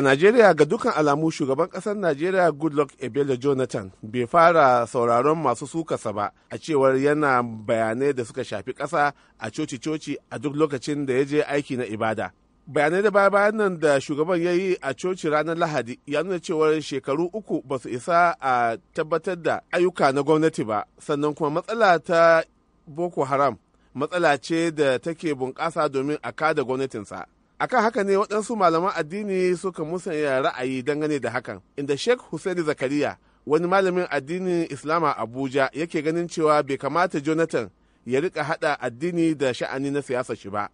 A Najeriya ga dukkan alamu shugaban ƙasar Najeriya Goodluck Ebele Jonathan bai fara sauraron masu sukasa ba a cewar yana bayanai da suka shafi ƙasa a coci-coci a duk lokacin da ya je aiki na ibada. bayanai da bayan nan da shugaban ya yi a coci ranar lahadi ya nuna cewar shekaru uku ba su isa a tabbatar da ayyuka na gwamnati ba sannan kuma matsala ta boko haram matsala ce da take bunƙasa domin a kada gwamnatinsa akan haka ne waɗansu malaman addini suka musanya ra'ayi dangane da hakan inda sheikh hussaini zakariya wani malamin addinin islam a abuja yake ganin cewa bai kamata jonathan ya rika hada addini da sha'ani na siyasa shi ba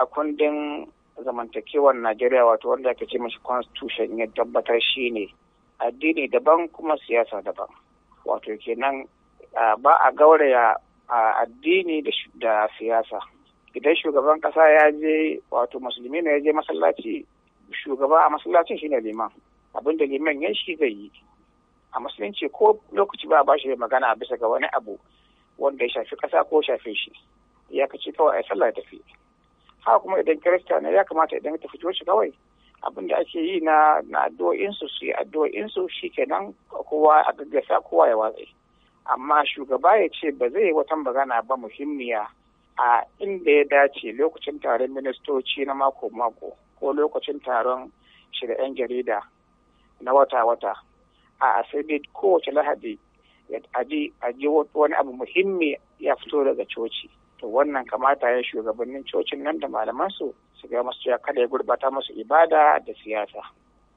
a kundin zamantakewar najeriya wato wanda ake ce mashi constitution ya tabbatar shi ne addini daban kuma siyasa daban wato kenan ba a gauraya addini da siyasa idan shugaban kasa ya je wato musulmi ne ya je masallaci shugaba a masallacin shine liman abin da liman ya shi zai yi a musulunci ko lokaci ba ba shi magana a bisa ga wani abu wanda ya shafi kasa ko shafe shi ya kaci kawai ai sallah tafi haka kuma idan kirista ne ya kamata idan tafi coci kawai abin da ake yi na na addu'o'insu su yi addu'o'insu kenan kowa a gaggasa kowa ya watsi amma shugaba ya ce ba zai yi wata magana ba muhimmiya a inda ya dace lokacin taron ministoci na mako-mako ko lokacin taron shirya jarida na wata-wata a asibiti kowace lahadi a ji wani abu muhimmi ya fito daga coci to wannan kamata ya shugabannin cocin nan da malaman su ga masu ya kada ya gurbata masu ibada da siyasa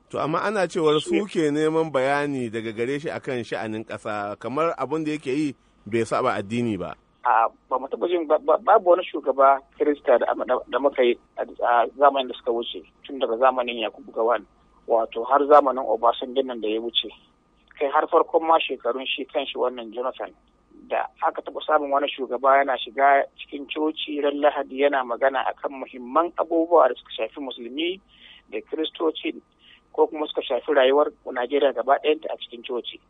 to amma ana cewar su ke neman bayani daga gare shi akan sha'anin ƙasa kamar abin da yake yi bai saba addini ba a ba mu taɓa jin babu wani shugaba kirista da muka yi a zamanin da suka wuce tun daga zamanin yakubu gawan wato har zamanin obasanjo nan da ya wuce kai har farkon ma shekarun shi kanshi wannan jonathan da aka taɓa samun wani shugaba yana shiga cikin coci ran lahadi yana magana akan muhimman abubuwa da suka shafi musulmi da kiristoci ko kuma suka shafi rayuwar najeriya gaba ɗayanta a cikin coci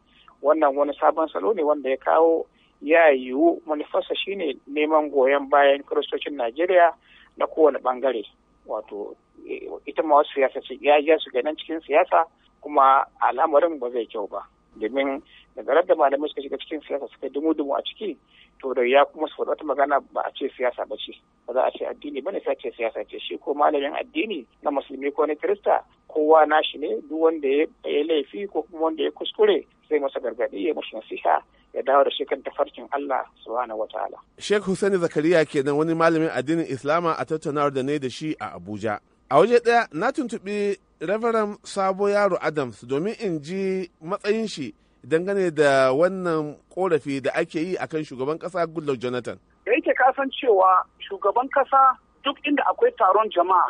wannan wani sabon salo ne wanda ya kawo ya yiwu manufarsa shine neman goyon bayan kiristocin najeriya na kowane bangare wato eh, ita ma wasu siyasa ce ya su ganin cikin siyasa kuma al'amarin ba zai kyau ba domin daga da malamai suka shiga cikin siyasa suka dumu dumu a ciki to da ya kuma su wata magana ba a ce siyasa ba ce ba za a ce addini ba ne sai ce siyasa ce shi ko malamin addini na musulmi ko na kirista kowa nashi ne duk wanda ya laifi ko kuma wanda ya kuskure sai masa gargaɗi ya mashi nasiha ya dawo da shi kan tafarkin Allah subhanahu wataala Sheikh Hussaini Zakariya kenan wani malamin addinin Islama a tattaunawar da ne da shi a Abuja a waje ɗaya na tuntuɓi Reverend Sabo Yaro Adams domin in ji matsayin shi dangane da wannan korafi da ake yi akan shugaban kasa Goodluck Jonathan. Da yake kasan cewa shugaban kasa duk inda akwai taron jama'a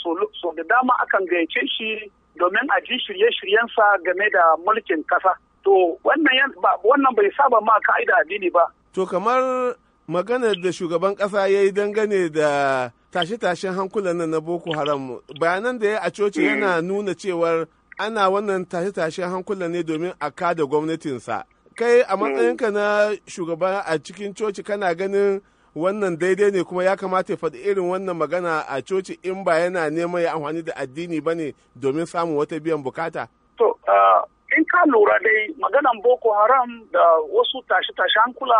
so da dama akan gayyace shi domin a ji shirye-shiryensa game da mulkin kasa. to wannan bai saba ma ka'ida addini ba to kamar maganar da shugaban kasa ya yi dangane da tashe-tashen hankulan nan na boko haram bayanan da ya a coci eh. yana nuna cewar ana wannan tashe-tashen hankulan ne domin a kada gwamnatinsa kai a eh. matsayinka na shugaba a cikin coci kana ganin wannan daidai ne kuma ya kamata ya faɗi irin wannan magana a coci in ba yana neman ya amfani da addini ba ne domin samun wata biyan bukata? To, ah, in ka lura dai maganan boko haram da wasu tashe-tashe hankula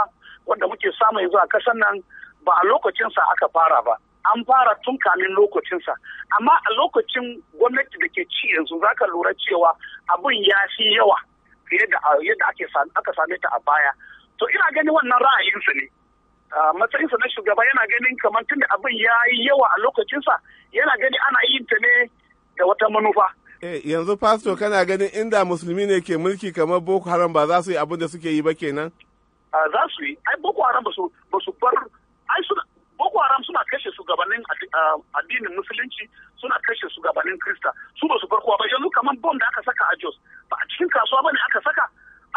wanda muke samu yanzu a kasan nan ba a lokacinsa aka fara ba an fara tun kamin lokacinsa amma a lokacin gwamnati da ke ci yanzu za ka lura cewa abin ya fi yawa fiye da yadda aka same ta a baya to ina gani wannan ra'ayinsa ne matsayinsa na shugaba yana ganin kamar tunda abin ya yi yawa a lokacinsa yana gani ana yin ta ne da wata manufa Eh, yanzu pastor kana ganin inda musulmi ne ke mulki kamar Boko Haram ba za su yi abin suke yi ba kenan? Ah, za su yi, ai Boko Haram ba su bar, ai Boko Haram suna kashe su gabanin ah, addinin musulunci suna kashe su gabanin Krista, su ba su bar kowa ba yanzu kamar bom da aka saka a Jos, ba a cikin kasuwa ba ne aka saka,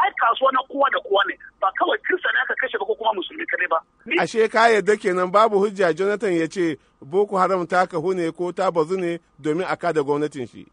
ai kasuwa na kowa da kowa ne ba kawai kirista ne aka kashe ba ko kuma musulmi kadai ba. Ashe ka yadda kenan babu hujja Jonathan ya ce Boko Haram ta kahu ne ko ta bazu ne domin a kada gwamnatin shi.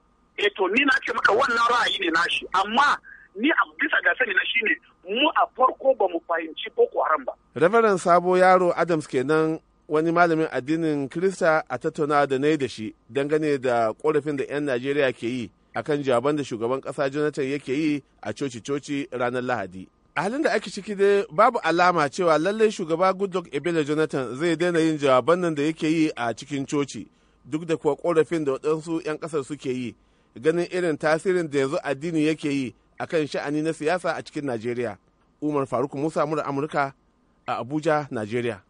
to ni na ce maka wannan ra'ayi ne shi, amma ni a bisa ga sani na shine mu a farko ba mu fahimci boko haram ba Reverend Sabo Yaro Adams kenan wani malamin addinin Kirista, a tattauna da na da shi dangane da korafin da 'yan Najeriya ke yi akan jaban da shugaban kasa Jonathan yake yi a coci-coci ranar Lahadi. A halin da ake ciki dai babu alama cewa lallai shugaba Goodluck Ebele Jonathan zai daina yin jawaban nan da yake yi a cikin coci duk da kuwa korafin da waɗansu 'yan ƙasar suke yi ganin irin tasirin da yanzu addini yake yi a kan sha'ani na siyasa a cikin najeriya umar faruk musa mura amurka a abuja najeriya